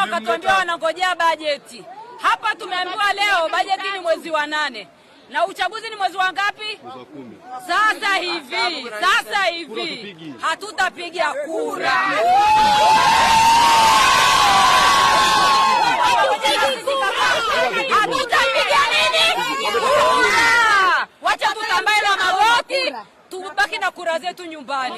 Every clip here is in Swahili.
jana wakatuambia wanangojea bajeti. Hapa tumeambiwa leo bajeti ni mwezi wa nane na uchaguzi ni mwezi wa ngapi? Sasa hivi, sasa hivi hatutapiga kura hatutapiga nini kura. Wacha tutambae la magoti, tubaki na kura zetu nyumbani.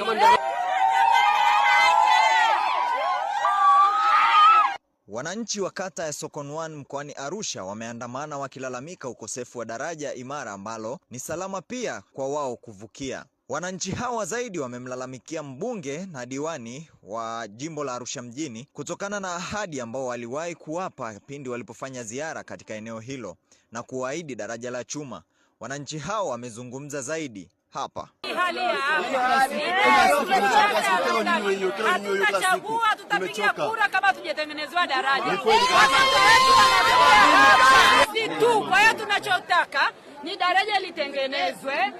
Wananchi wa kata ya sokonwan mkoani Arusha wameandamana wakilalamika ukosefu wa daraja imara ambalo ni salama pia kwa wao kuvukia. Wananchi hawa zaidi wamemlalamikia mbunge na diwani wa jimbo la Arusha mjini kutokana na ahadi ambao waliwahi kuwapa pindi walipofanya ziara katika eneo hilo na kuahidi daraja la chuma. Wananchi hao wamezungumza zaidi hapa hali ya hatutachagua, tutapiga kura kama hatujatengenezewa daraja si tu. Kwa hiyo tunachotaka ni daraja litengenezwe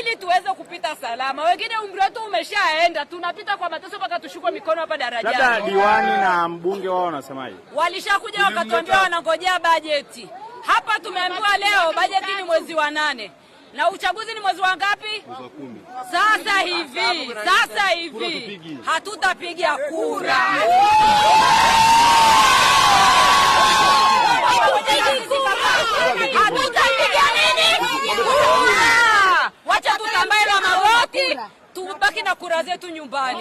ili tuweze kupita salama. Wengine umri wetu umeshaenda, tunapita kwa mateso mpaka tushukwe mikono hapa darajani. Labda diwani na mbunge wao wanasemaje? Walishakuja wakatuambia wanangojea bajeti. Hapa tumeambiwa leo bajeti ni mwezi wa nane na uchaguzi ni mwezi wa ngapi? Sasa hivi, sasa hivi hatutapiga kura hatutapiga nini kura. Wacha tutambae na magoti, tubaki na kura zetu nyumbani.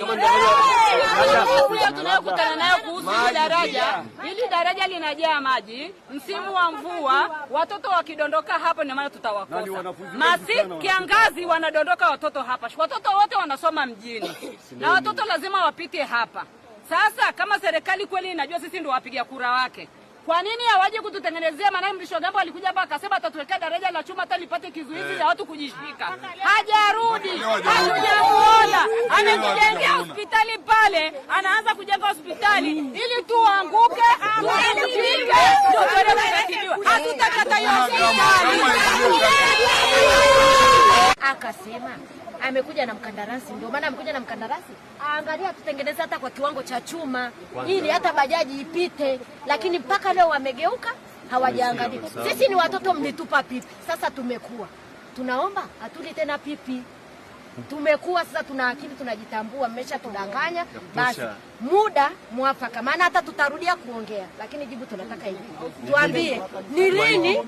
tunayokutana nayo hili daraja, hili daraja linajaa maji. Msimu wa mvua watoto wakidondoka hapa, ndio maana tutawakosa masi. Kiangazi wanadondoka watoto hapa, watoto wote wanasoma mjini na watoto lazima wapite hapa. Sasa kama serikali kweli inajua sisi ndio wapiga kura wake, kwa nini hawaje kututengenezea? Maana Mrisho Gambo alikuja hapa akasema atatuwekea daraja la chuma hata lipate kizuizi eh. cha eh, watu kujishika. Hajarudi, hajarudi. Sasa amekujengea hospitali pale, anaanza kujenga hospitali ili tuanguke, tuanguke Hatutakata hiyo hospitali. Akasema amekuja na mkandarasi, ndio maana amekuja na mkandarasi aangalia tutengeneze hata kwa kiwango cha chuma ili hata bajaji ipite, lakini mpaka leo wamegeuka, hawajaangalia. Sisi ni watoto, mlitupa pipi, sasa tumekuwa tunaomba hatuli tena pipi tumekuwa sasa tuna akili tunajitambua, mmeshatudanganya, basi muda mwafaka, maana hata tutarudia kuongea, lakini jibu tunataka hivi, tuambie ni lini,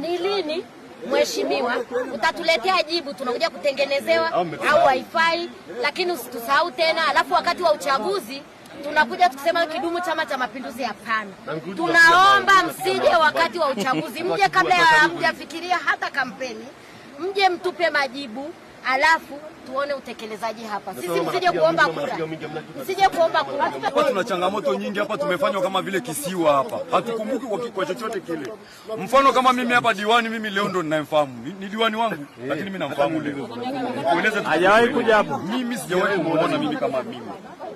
ni lini Mheshimiwa, utatuletea jibu. Tunakuja kutengenezewa au haifai, lakini usitusahau tena. Alafu wakati wa uchaguzi tunakuja tukisema kidumu Chama cha Mapinduzi. Hapana, tunaomba msije wakati wa uchaguzi, mje kabla ya hamjafikiria hata kampeni, mje mtupe majibu alafu tuone utekelezaji hapa. Sisi msije kuomba kura, msije kuomba kura. Hapa tuna changamoto nyingi hapa, tumefanywa kama vile kisiwa hapa, hatukumbuki kwa, kwa chochote kile. Mfano kama mimi hapa diwani, mimi leo ndo ninayemfahamu ni ni diwani wangu, eh. lakini mimi namfahamu leo. Kueleza hajawahi kuja hapo, mimi sijawahi kumuona mimi kama mimi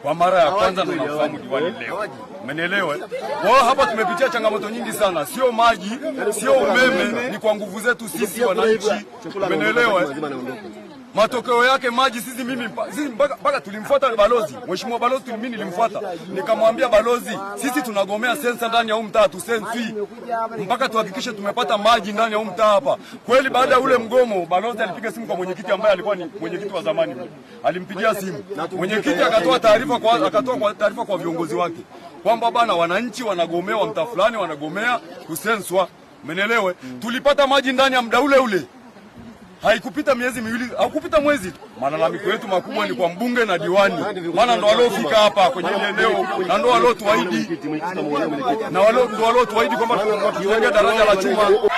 kwa mara ya kwanza ndo nafahamu diwani leo, umenielewa? Kwa hiyo hapa tumepitia changamoto nyingi sana, sio maji, sio umeme, ni kwa nguvu zetu sisi wananchi, umenielewa? Matokeo yake maji sisi, mimi sisi mpaka tulimfuata balozi, mheshimiwa balozi, tulimi nilimfuata nikamwambia balozi, sisi tunagomea sensa ndani ya huu mtaa, tusensi mpaka tuhakikishe tumepata maji ndani ya huu mtaa hapa. Kweli baada ya ule mgomo, balozi alipiga simu kwa mwenyekiti ambaye alikuwa ni mwenyekiti wa zamani, alimpigia simu mwenyekiti, akatoa taarifa kwa akatoa kwa taarifa kwa viongozi wake kwamba bana, wananchi wanagomewa mtaa fulani, wanagomea kusenswa, menelewe. Tulipata maji ndani ya muda ule ule haikupita miezi miwili, kupita mwezi. Malalamiko yetu makubwa ni kwa mbunge na diwani, maana ndo waliofika hapa kwenye eneo na ndo waliotuahidi na ndo waliotuahidi kwamba tutajenga daraja la chuma.